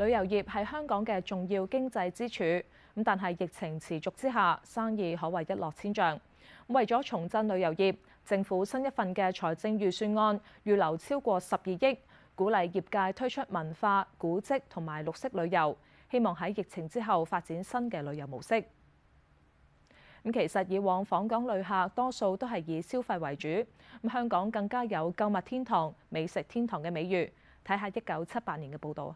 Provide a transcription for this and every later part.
旅遊業係香港嘅重要經濟支柱，咁但係疫情持續之下，生意可謂一落千丈。為咗重振旅遊業，政府新一份嘅財政預算案預留超過十二億，鼓勵業界推出文化、古蹟同埋綠色旅遊，希望喺疫情之後發展新嘅旅遊模式。咁其實以往訪港旅客多數都係以消費為主，咁香港更加有購物天堂、美食天堂嘅美譽。睇下一九七八年嘅報導。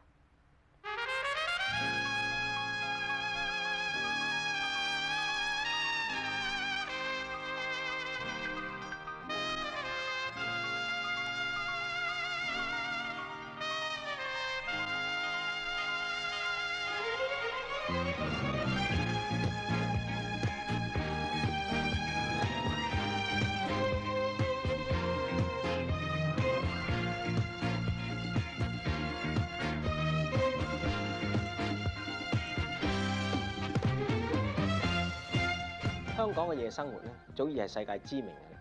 香港嘅夜生活咧，早已係世界知名嘅，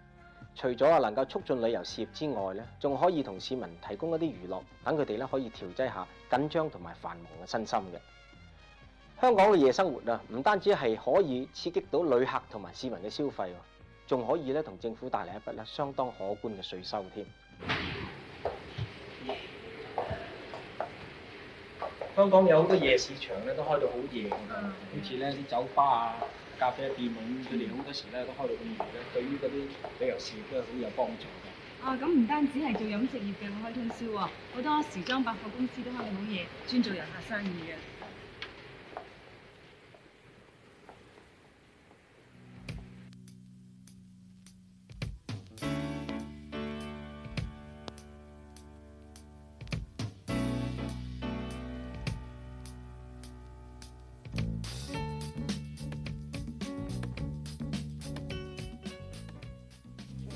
除咗啊，能夠促進旅遊事業之外咧，仲可以同市民提供一啲娛樂，等佢哋咧可以調劑下緊張同埋繁忙嘅身心嘅。香港嘅夜生活啊，唔單止係可以刺激到旅客同埋市民嘅消費，仲可以咧同政府帶嚟一筆咧相當可觀嘅稅收添。Yeah. 香港有好多夜市場咧都開到好夜噶，好似咧啲酒吧啊、咖啡店咁，佢哋好多時咧都開到咁夜咧，對於嗰啲旅遊事業都係好有幫助嘅。啊，咁唔單止係做飲食業嘅開通宵喎，好多時裝百貨公司都開到好夜，專做遊客生意嘅。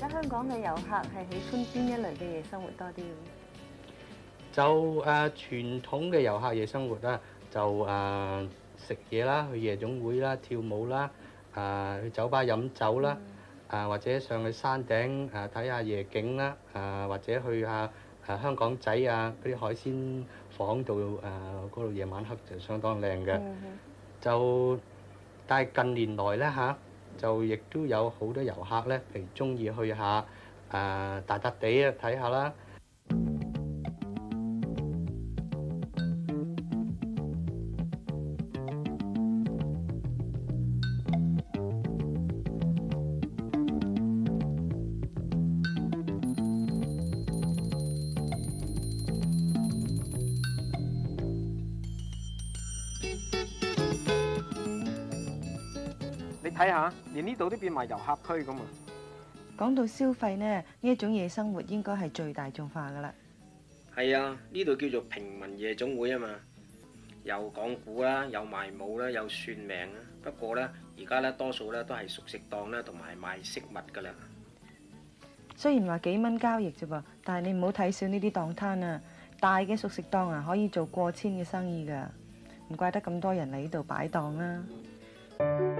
而家香港嘅遊客係喜歡邊一類嘅夜生活多啲？就誒、啊、傳統嘅遊客夜生活啦、啊，就誒食嘢啦，去夜總會啦，跳舞啦，誒、啊、去酒吧飲酒啦，誒、嗯啊、或者上去山頂誒睇下夜景啦，誒、啊、或者去下誒香港仔啊嗰啲海鮮房舫度誒嗰度夜晚黑就相當靚嘅，嗯嗯。就但係近年來咧嚇。啊就亦都有好多遊客咧，譬如中意去下誒大笪地啊，睇下啦。睇下，連呢度都變埋遊客區咁啊！講到消費呢，呢一種夜生活應該係最大眾化噶啦。係啊，呢度叫做平民夜總會啊嘛，有講古啦，有賣帽啦，有算命啊。不過呢，而家呢多數呢都係熟食檔啦，同埋賣飾物噶啦。雖然話幾蚊交易啫噃，但係你唔好睇少呢啲檔攤啊！大嘅熟食檔啊，可以做過千嘅生意噶，唔怪得咁多人嚟呢度擺檔啦、啊。